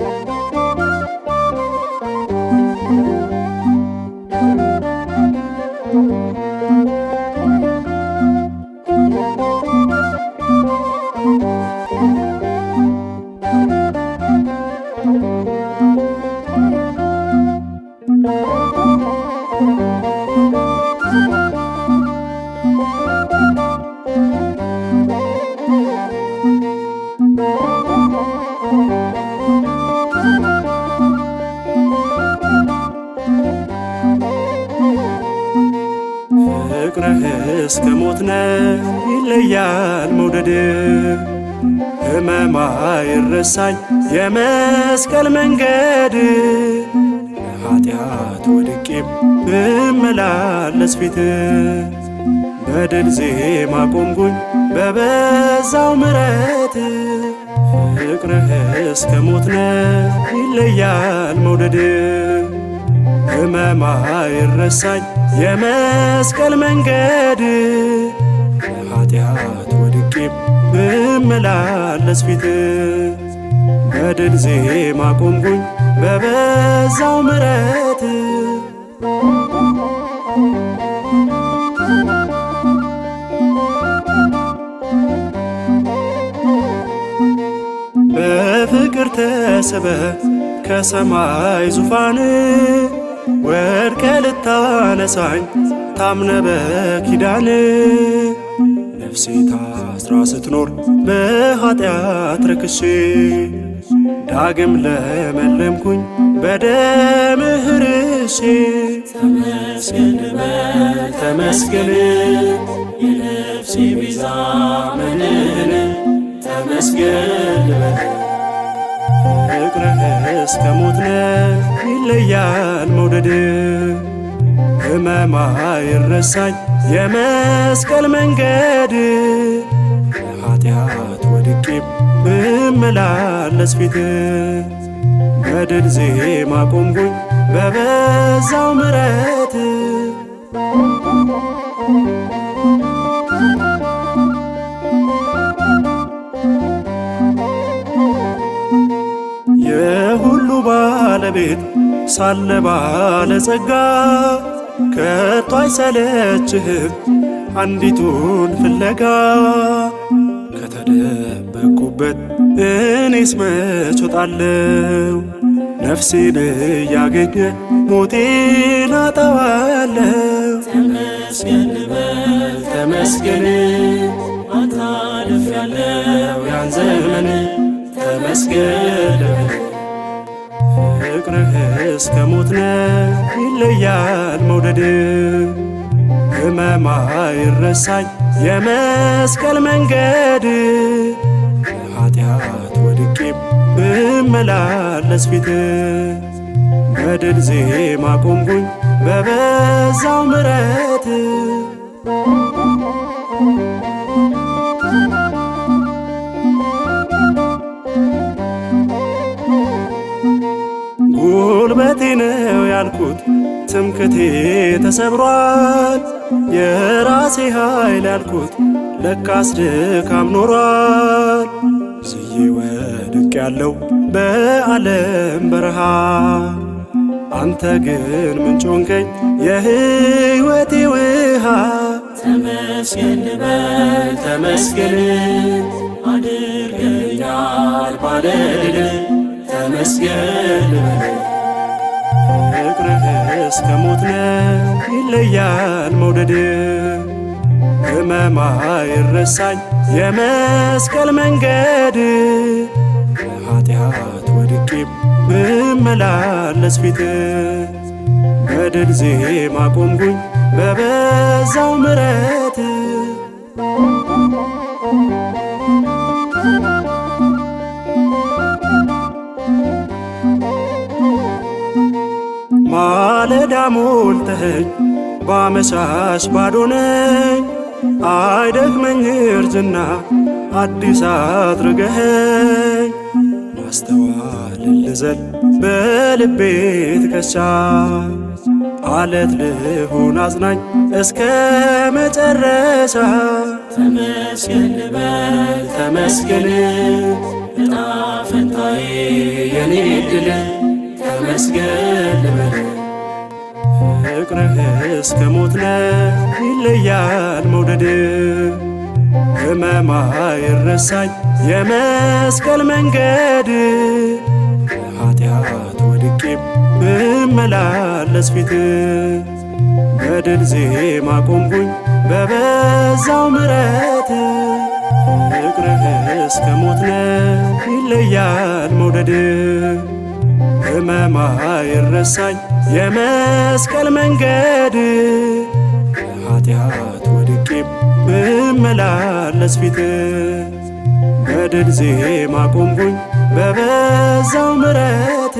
Thank you. ፍቅርህ እስከ ሞትነ ይለያል መውደድ ህመማ ይረሳኝ የመስቀል መንገድ ኃጢአት ወድቄም ብመላለስ ፊት በድል ዜማ ቆምጉኝ በበዛው ምረት ፍቅርህ እስከ ሞትነ ይለያል መውደድ ህመማ ይረሳኝ የመስቀል መንገድ ኃጢአት ወድቄም ብመላለስ ፊት በድል ዜማ ቆምኩኝ በበዛው ምረት በፍቅር ተስበ ከሰማይ ዙፋን ወድቀ ልታነሳኝ ታምነ በኪዳን ነፍሴ ታስራ ስትኖር በኃጢአት ረክሼ ዳግም ለመለምኩኝ በደም ርሼ ተመስገን በል ተመስገን የነፍሴ ቤዛ መድህን ተመስገን በል እስከ ነ ይለያል መውደድ ህመማ ይረሳኝ የመስቀል መንገድ ከኃጢአት ወድቄም ብመላለስ ፊት በድል ዜማ ቆምኩኝ በበዛው ምረት ቤት ሳለ ባለጸጋ ከቶ አይሰለችህም አንዲቱን ፍለጋ ከተደበቁበት እኔስ መች ወጣለሁ ነፍሴን እያገኘ ሞቴን አጠዋለሁ። ተመስገን በል ተመስገን፣ አታልፍ ያለው ያን ዘመን ተመስገን እስከ ሞትነ ይለያል መውደድ ህመማ ይረሳኝ የመስቀል መንገድ ኃጢአት ወድቄ ብመላለስ ፊት በድል ዜማ ቆምኩኝ በበዛው ምረት ምልክቴ ተሰብሯል። የራሴ ኃይል ያልኩት ለካስ ድካም ኖሯል። ዝዬ ወድቅ ያለው በዓለም በረሃ አንተ ግን ምንጮንከኝ የሕይወቴ ውሃ ተመስገን በል ተመስገን አድርገኛል ባለድል እስከ ሞትነ ይለያል መውደድ ህመማ ይረሳኝ የመስቀል መንገድ ኃጢአት ወድቄም ብመላለስ ፊት በድል ዜማ ቆምኩኝ በበዛው ምረት ሞልተኸኝ ባመሻሽ ባዶ አይደክመኝ እርጅና አዲስ አድርገኸኝ ማስተዋል ልዘል በልቤ ትከሻ አለት ልሁን አጽናኝ እስከ መጨረሻ ተመስገን በል ተመስገን እጣ ፈንታዬ የኔ ድል ተመስገን በል ፍቅርህ እስከ ሞት ነው ይለያል መውደድ ህመማ ይረሳኝ የመስቀል መንገድ ኃጢአት ወድቄ ብመላለስ ፊት በድል ዜማ ቆምኩኝ በበዛው ምረት ፍቅርህ እስከ ሞት ነው ይለያል መውደድ ህመማ ይረሳኝ የመስቀል መንገድ ኃጢአት ወድቄ ብመላለስ ፊት በድል ዜማ ቆምኩኝ በበዛው ምረት